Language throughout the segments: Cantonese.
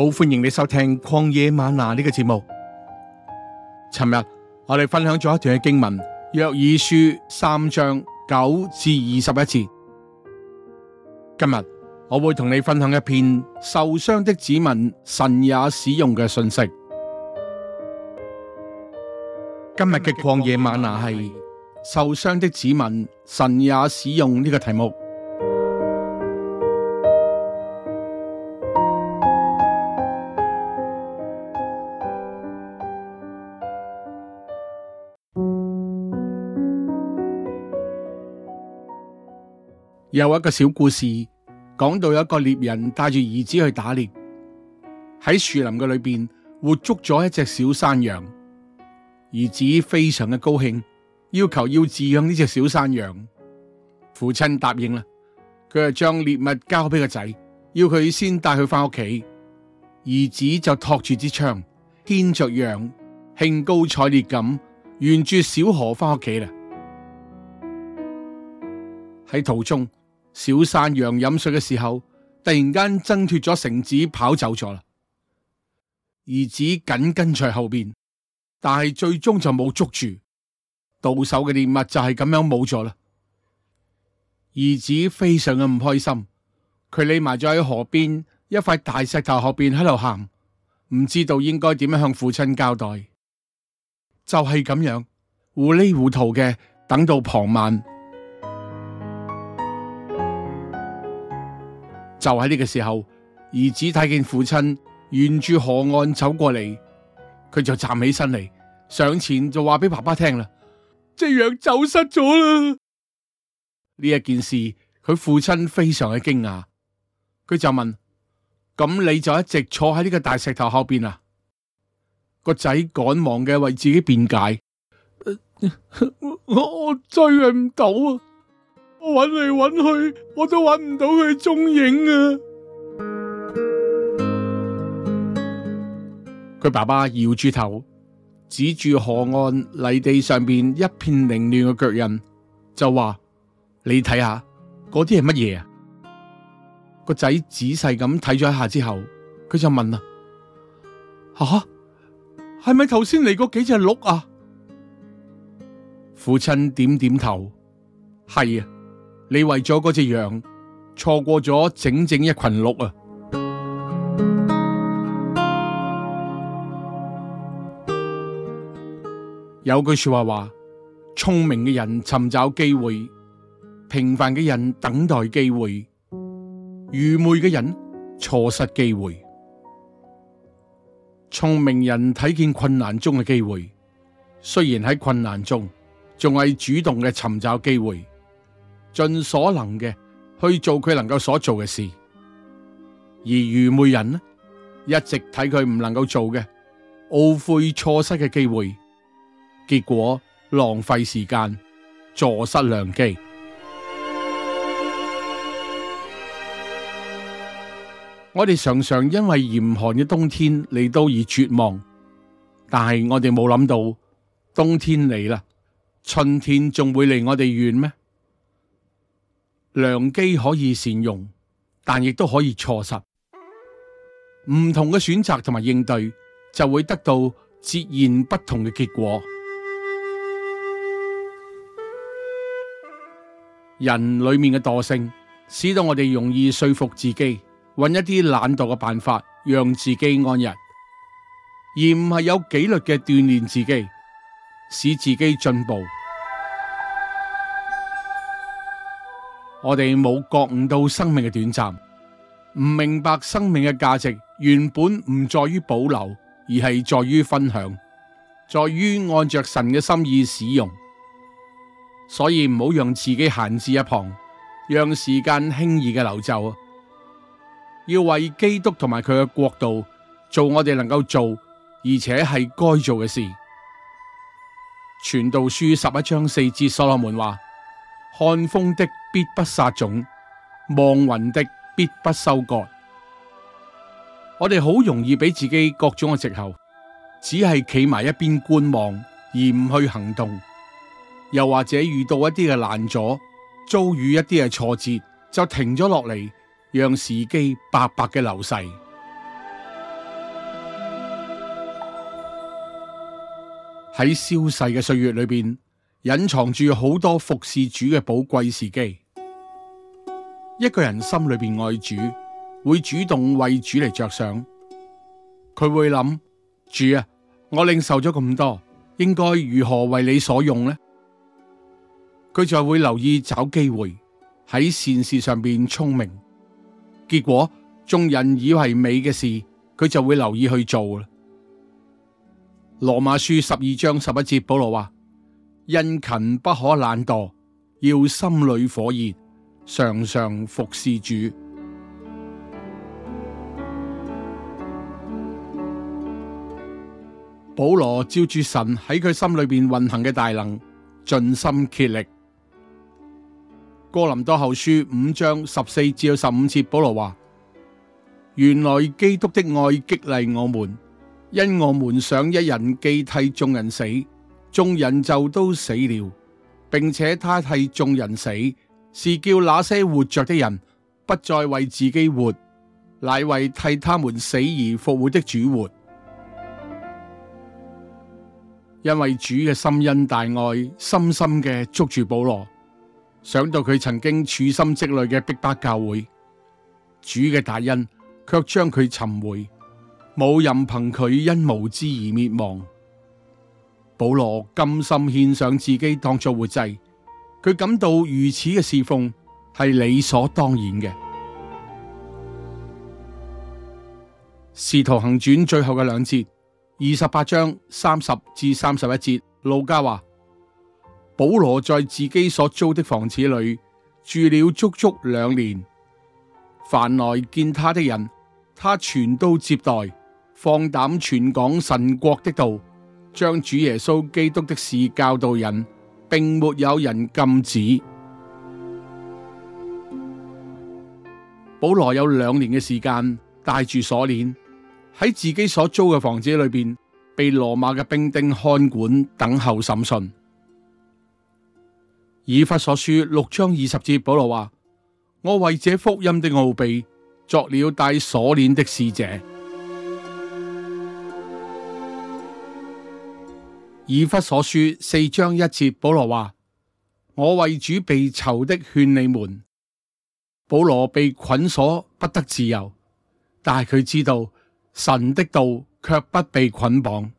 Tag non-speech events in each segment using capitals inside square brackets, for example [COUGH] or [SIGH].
好歡迎你收聽曠野嗎哪呢個節目。尋日我哋分享咗一段嘅經文，約珥書三章九至二十一節。今日我會同你分享一篇受傷的子民神也使用嘅信息。今日嘅曠野嗎哪係受傷的子民神也使用呢、這個題目。有一個小故事，講到有一個獵人帶住兒子去打獵，喺樹林嘅裏邊活捉咗一隻小山羊。兒子非常嘅高興，要求要飼養呢隻小山羊。父親答應啦，佢就將獵物交俾個仔，要佢先帶佢翻屋企。兒子就托住支槍，牽着羊，興高采烈咁沿住小河翻屋企啦。喺途中，小山羊飲水嘅時候，突然間掙脫咗繩子跑走咗啦。兒子緊跟在後邊，但係最終就冇捉住，到手嘅獵物就係咁樣冇咗啦。兒子非常嘅唔開心，佢匿埋咗喺河邊一塊大石頭河邊喺度行，唔知道應該點樣向父親交代。就係咁樣糊裏糊塗嘅等到傍晚。就喺呢個時候，兒子睇見父親沿住河岸走過嚟，佢就站起身嚟，上前就話俾爸爸聽啦：「隻羊走失咗啦！」呢一件事，佢父親非常嘅驚訝，佢就問：咁你就一直坐喺呢個大石頭後邊啊？個仔趕忙嘅為自己辯解：我，我，我追佢唔到啊！我揾嚟揾去，我都揾唔到佢蹤影啊！佢爸爸搖住頭，指住河岸泥地上邊一片凌亂嘅腳印，就話：你睇下，嗰啲係乜嘢啊？個仔仔細咁睇咗一下之後，佢就問啊？吓，係咪頭先嚟過幾隻鹿啊？父親點點頭，係啊。你為咗嗰隻羊，錯過咗整整一群鹿啊！有句說話話：聰明嘅人尋找機會，平凡嘅人等待機會，愚昧嘅人錯失機會。聰明人睇見困難中嘅機會，雖然喺困難中，仲係主動嘅尋找機會，盡所能嘅去做佢能夠所做嘅事，而愚昧人呢，一直睇佢唔能夠做嘅，懊悔錯失嘅機會，結果浪費時間，坐失良機。我哋常常因為嚴寒嘅冬天嚟到而絕望，但係我哋冇諗到冬天嚟啦，春天仲會離我哋遠咩？良機可以善用，但亦都可以錯失。唔同嘅選擇同埋應對，就會得到截然不同嘅結果。人裏面嘅惰性，使到我哋容易說服自己，揾一啲懶惰嘅辦法，讓自己安逸，而唔係有紀律嘅鍛煉自己，使自己進步。我哋冇覺悟到生命嘅短暫，唔明白生命嘅價值原本唔在於保留，而係在於分享，在於按着神嘅心意使用。所以唔好讓自己閒置一旁，讓時間輕易嘅流走。要為基督同埋佢嘅國度做我哋能夠做，而且係該做嘅事。傳道書十一章四節所羅門話。看風的必不撒種，望雲的必不收割。我哋好容易俾自己各種嘅藉口，只係企埋一邊觀望而唔去行動，又或者遇到一啲嘅難阻，遭遇一啲嘅挫折，就停咗落嚟，讓時機白白嘅流逝。喺消逝嘅歲月裏邊。隱藏住好多服侍主嘅寶貴時機。一個人心裏邊愛主，會主動為主嚟着想。佢會諗，主啊，我領受咗咁多，應該如何為你所用呢？佢就會留意找機會喺善事上邊聰明。結果，眾人以為美嘅事，佢就會留意去做啦。羅馬書十二章十一節，保羅話。因勤不可懶惰，要心裏火熱，常常服侍主。保羅照住神喺佢心裏邊運行嘅大能，盡心竭力。哥林多後書五章十四至十五節，保羅話：原來基督的愛激勵我們，因我們想一人既替眾人死。眾人就都死了，並且他替眾人死，是叫那些活着的人不再為自己活，乃為替他們死而復活的主活。因為主嘅深恩大愛，深深嘅捉住保羅，想到佢曾經處心積慮嘅逼迫教會，主嘅大恩卻將佢尋回，冇任憑佢因無知而滅亡。保羅甘心獻上自己當作活祭，佢感到如此嘅侍奉係理所當然嘅。使徒行傳最後嘅兩節，二十八章三十至三十一節，路加話保羅在自己所租的房子裏住了足足兩年，凡來見他的人，他全都接待，放膽傳講神國的道。將主耶穌基督的事教導人，並沒有人禁止。保羅有兩年嘅時間帶住鎖鏈喺自己所租嘅房子裏邊，被羅馬嘅兵丁看管，等候審訊。以弗所書六章二十節，保羅話：我為這福音的奧秘，作了帶鎖鏈的使者。以弗所書四章一節，保羅話：我為主被囚的勸你們。保羅被捆鎖不得自由，但係佢知道神的道却不被捆綁，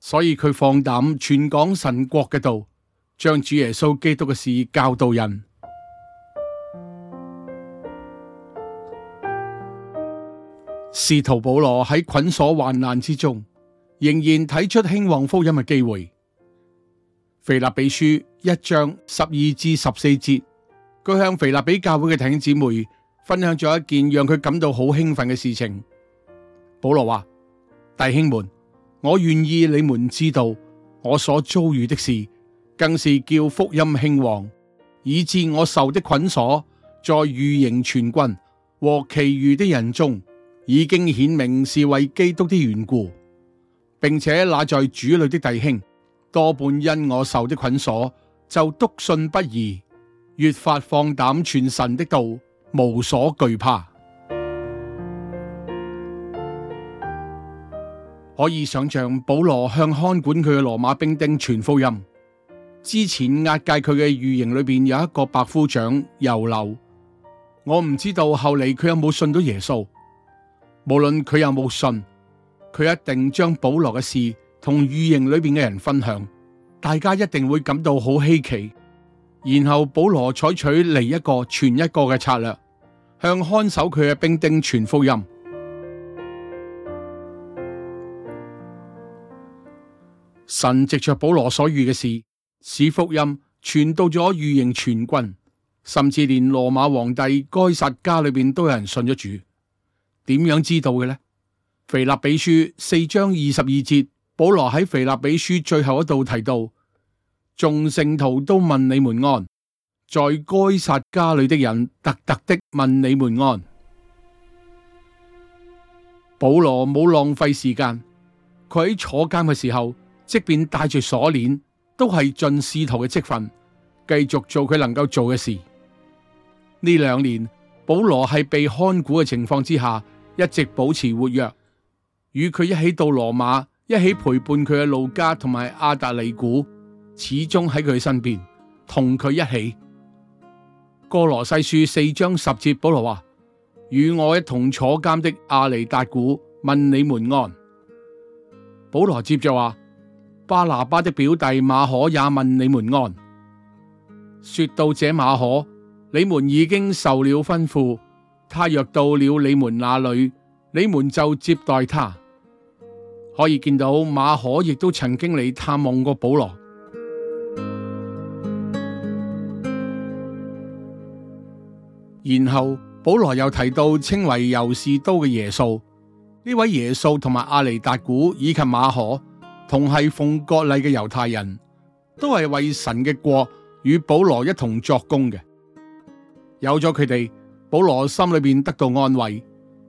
所以佢放膽傳講神國嘅道，將主耶穌基督嘅事教導人。使徒保羅喺捆鎖患難之中，仍然睇出興旺福音嘅機會。腓立比書一章十二至十四節，佢向腓立比教會嘅弟兄姊妹分享咗一件讓佢感到好興奮嘅事情。保羅話：弟兄們，我願意你們知道我所遭遇的事，更是叫福音興旺，以致我受的捆鎖，在御營全軍和其餘的人中已經顯明是為基督的緣故。並且那在主裡的弟兄，多半因我受的捆鎖，就篤信不疑，越發放膽傳神的道，無所懼怕。 [MUSIC] 可以想象保羅向看管佢嘅羅馬兵丁傳福音，之前押解佢嘅御營裡邊有一個百夫長猶流。我唔知道後嚟佢有冇信到耶穌。無論佢有冇信。佢一定將保羅嘅事同御營裏邊嘅人分享，大家一定會感到好稀奇。然後保羅採取嚟，一個傳一個嘅策略，向看守佢嘅兵丁傳福音。神藉着保羅所遇嘅事，使福音傳到咗御營全軍，甚至連羅馬皇帝該撒家裏邊都有人信咗主。點樣知道嘅呢？腓立比書四章二十二節，保羅喺腓立比書最後一度提到，眾聖徒都問你們安，在該撒家裏的人特特的問你們安。保羅冇浪費時間，佢喺坐監嘅時候，即便帶住鎖鏈，都係盡使徒嘅職分，繼續做佢能夠做嘅事。呢兩年，保羅喺被看顧嘅情況之下，一直保持活躍。與佢一起到羅馬，一起陪伴佢嘅路加同埋阿達利古，始終喺佢身邊，同佢一起。哥羅西書四章十節，保羅話：與我一同坐監的阿尼達古，問你們安。保羅接着話：巴拿巴的表弟馬可也問你們安。說到這馬可，你們已經受了吩咐，他若到了你們那裏，你們就接待他。可以見到馬可亦都曾經嚟探望過保羅。然後保羅又提到稱為猶士都嘅耶穌，呢位耶穌同埋阿尼達古以及馬可，同係奉國禮嘅猶太人，都係為神嘅國與保羅一同作工嘅。有咗佢哋，保羅心裏邊得到安慰，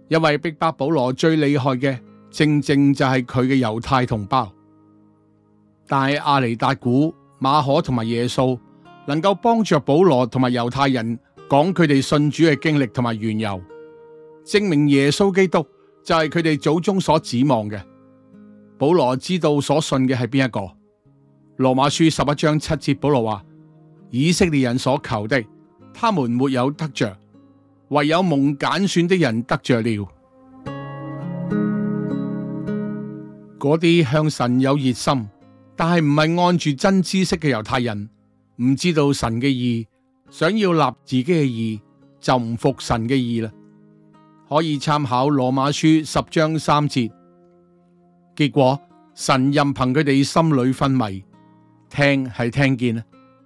因為逼迫，迫保羅最厲害嘅。正正就係佢嘅猶太同胞，但係阿尼達古、馬可同埋耶穌能夠幫助保羅同埋猶太人講佢哋信主嘅經歷同埋緣由，證明耶穌基督就係佢哋祖宗所指望嘅。保羅知道所信嘅係邊一個？羅馬書十一章七節，保羅話：以色列人所求的，他們沒有得着，唯有蒙揀選的人得着了。嗰啲向神有熱心，但係唔係按住真知識嘅猶太人，唔知道神嘅義，想要立自己嘅義，就唔服神嘅義啦。可以參考羅馬書十章三節，結果神任憑佢哋心裏昏迷，聽係聽見啦，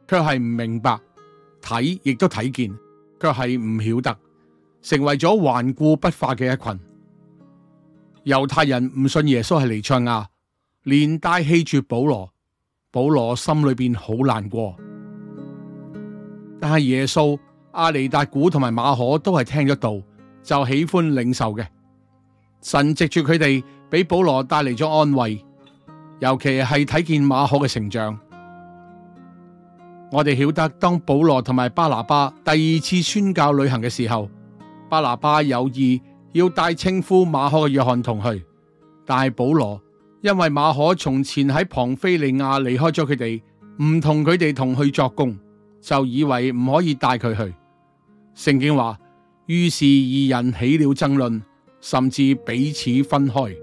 卻係唔明白；睇亦都睇見，卻係唔曉得，成為咗頑固不化嘅一群。猶太人唔信耶穌係彌賽亞，連帶棄絕保羅，保羅心裏邊好難過。但係耶穌、阿尼達古同埋馬可都係聽咗道，就喜歡領受嘅。神藉住佢哋俾保羅帶嚟咗安慰，尤其係睇見馬可嘅成長。我哋曉得當保羅同埋巴拿巴第二次宣教旅行嘅時候，巴拿巴有意，要帶稱呼馬可嘅約翰同去，但係保羅因為馬可從前喺旁非利亞離開咗佢哋，唔同佢哋同去作工，就以為唔可以帶佢去。聖經話，於是二人起了爭論，甚至彼此分開。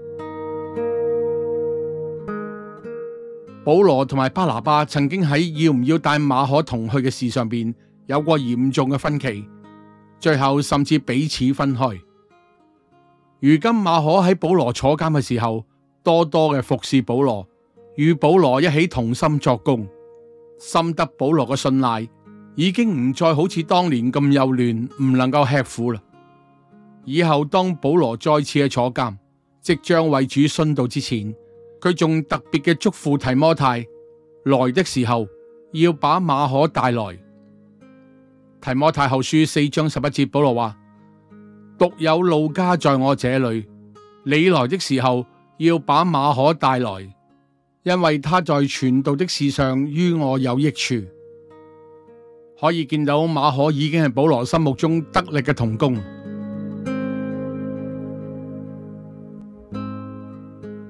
保羅同埋巴拿巴曾經喺要唔要帶馬可同去嘅事上邊有過嚴重嘅分歧，最後甚至彼此分開。如今馬可喺保羅坐監嘅時候，多多嘅服侍保羅，與保羅一起同心作工，深得保羅嘅信賴，已經唔再好似當年咁幼嫩，唔能夠吃苦啦。以後當保羅再次喺坐監，即將為主殉道之前，佢仲特別嘅囑咐提摩太，來的時候要把馬可帶來。提摩太後書四章十一節，保羅話。獨有路加在我這裏，你來的時候要把馬可帶來，因為他在傳道的事上於我有益處。可以見到馬可已經係保羅心目中得力嘅同工。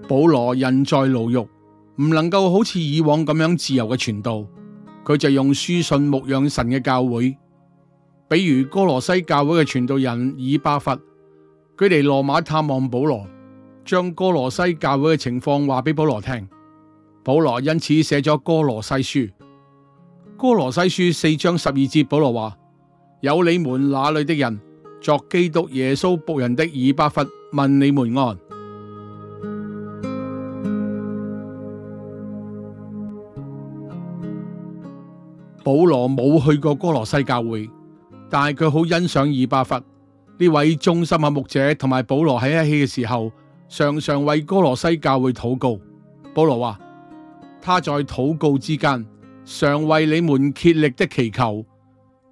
保羅人在牢獄，唔能夠好似以往咁樣自由嘅傳道，佢就用書信牧養神嘅教會。比如哥羅西教會嘅傳道人以巴弗，佢嚟羅馬探望保羅，將哥羅西教會嘅情況話俾保羅聽。保羅因此寫咗《哥羅西書》。《哥羅西書》四章十二節，保羅話：有你們那裏的人作基督耶穌僕人的以巴弗，問你們安。保羅冇去過哥羅西教會。但係佢好欣賞以巴弗呢位忠心嘅牧者，同埋保羅喺一起嘅時候，常常為哥羅西教會禱告。保羅話：他在禱告之間，常為你們竭力的祈求，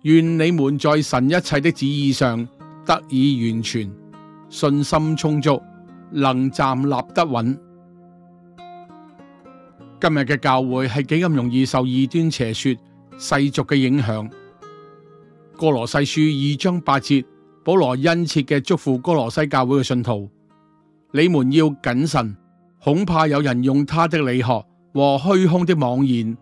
願你們在神一切的旨意上得以完全，信心充足，能站立得穩。今日嘅教會係幾咁容易受異端邪說、世俗嘅影響。哥羅西書二章八節，保羅殷切嘅祝福哥羅西教會嘅信徒：你們要謹慎，恐怕有人用他的理學和虛空的妄言，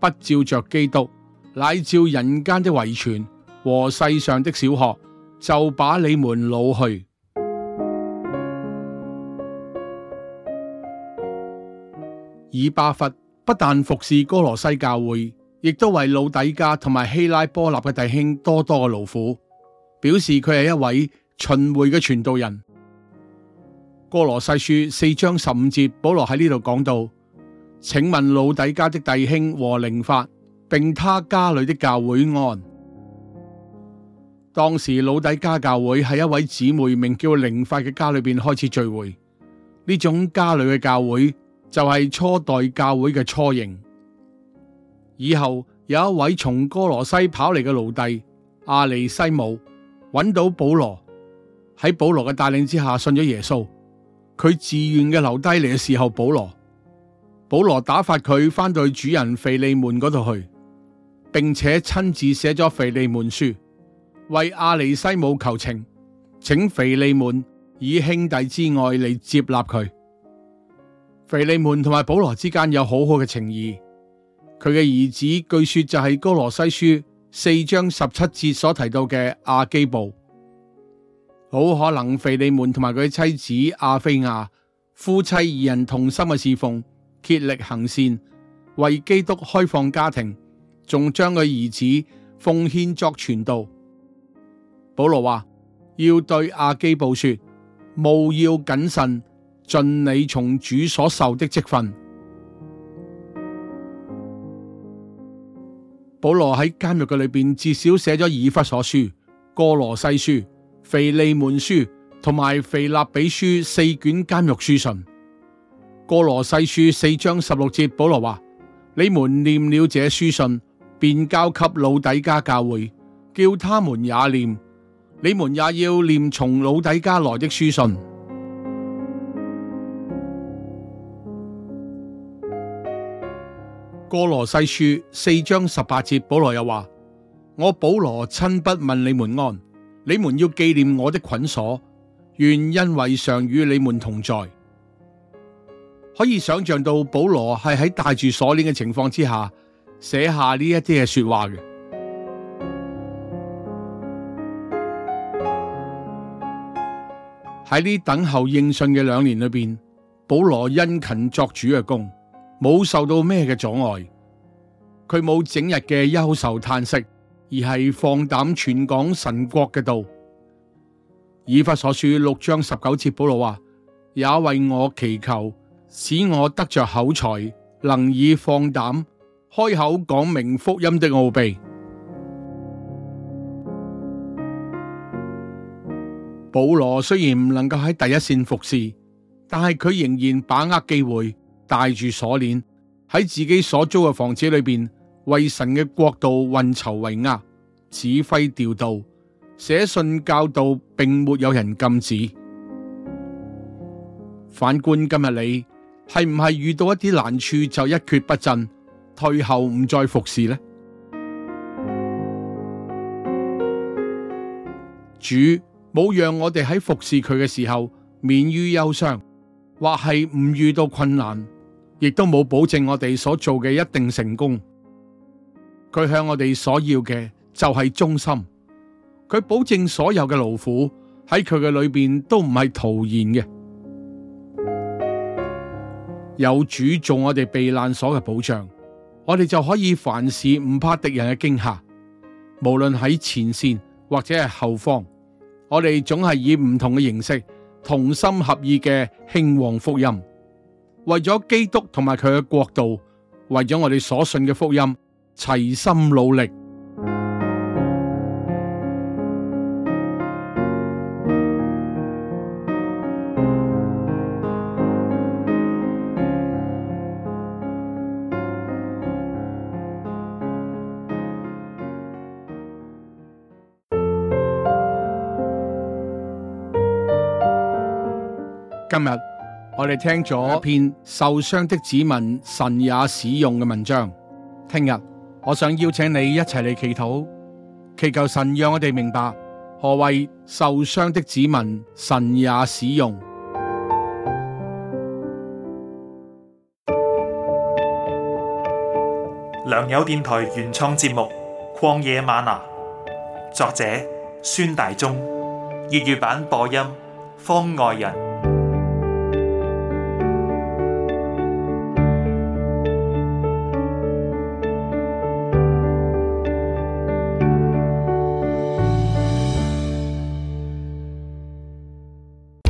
不照着基督，乃照人間的遺傳和世上的小學，就把你們擄去。以巴弗不但服侍哥羅西教會。亦都為老底嘉同埋希拉波納嘅弟兄多多嘅勞苦，表示佢係一位巡迴嘅傳道人。歌羅西書四章十五節，保羅喺呢度講到：請問老底嘉的弟兄和寧法，並他家裏的教會安。當時老底嘉教會係一位姊妹名叫寧法嘅家裏邊開始聚會，呢種家裏嘅教會就係初代教會嘅雛形。以後有一位從哥羅西跑嚟嘅奴隸阿尼西姆，揾到保羅喺保羅嘅帶領之下信咗耶穌，佢自願嘅留低嚟嘅侍候保羅。保羅打發佢翻到主人腓利門嗰度去，並且親自寫咗腓利門書，為阿尼西姆求情，請腓利門以兄弟之愛嚟接納佢。腓利門同埋保羅之間有好好嘅情誼。佢嘅兒子據說就係《歌羅西書》四章十七節所提到嘅亞基布，好可能腓利門同埋佢妻子亞腓亞夫妻二人同心嘅侍奉，竭力行善，為基督開放家庭，仲將佢兒子奉獻作傳道。保羅話：要對亞基布說，務要謹慎，盡你從主所受的職分。保羅喺監獄嘅裏邊，至少寫咗以弗所書、哥羅西書、腓利門書同埋腓立比書四卷監獄書信。哥羅西書四章十六節，保羅話：你們念了這書信，便交給老底嘉教會，叫他們也念；你們也要念從老底嘉來的書信。歌羅西書四章十八節，保羅又話：我保羅親筆問你們安，你們要紀念我的捆鎖，願恩惠常與你們同在。可以想象到保羅係喺戴住鎖鏈嘅情況之下寫下呢一啲嘅說話嘅。喺呢等候應訊嘅兩年裏邊，保羅殷勤作主嘅工。冇受到咩嘅阻礙，佢冇整日嘅憂愁嘆息，而係放膽傳講神國嘅道。以弗所書六章十九節，保羅話：也為我祈求，使我得着口才，能以放膽開口講明福音的奧秘。保羅雖然唔能夠喺第一線服侍，但係佢仍然把握機會。戴住鎖鏈喺自己所租嘅房子裏邊，為神嘅國度運籌帷幄、指揮調度、寫信教導，並沒有人禁止。反觀今日你係唔係遇到一啲難處就一蹶不振、退後唔再服侍呢？主冇讓我哋喺服侍佢嘅時候免於憂傷，或係唔遇到困難。亦都冇保證我哋所做嘅一定成功。佢向我哋所要嘅就係忠心。佢保證所有嘅勞苦喺佢嘅裏邊都唔係徒然嘅。有主做我哋避難所嘅保障，我哋就可以凡事唔怕敵人嘅驚嚇。無論喺前線或者係後方，我哋總係以唔同嘅形式同心合意嘅興旺福音。為咗基督同埋佢嘅國度，為咗我哋所信嘅福音，齊心努力。今日，我哋聽咗一篇受傷的子民神也使用嘅文章，聽日我想邀請你一齊嚟祈禱，祈求神讓我哋明白何謂受傷的子民神也使用。良友電台原創節目《曠野嗎哪》，作者孫大中，粵語版播音方外人。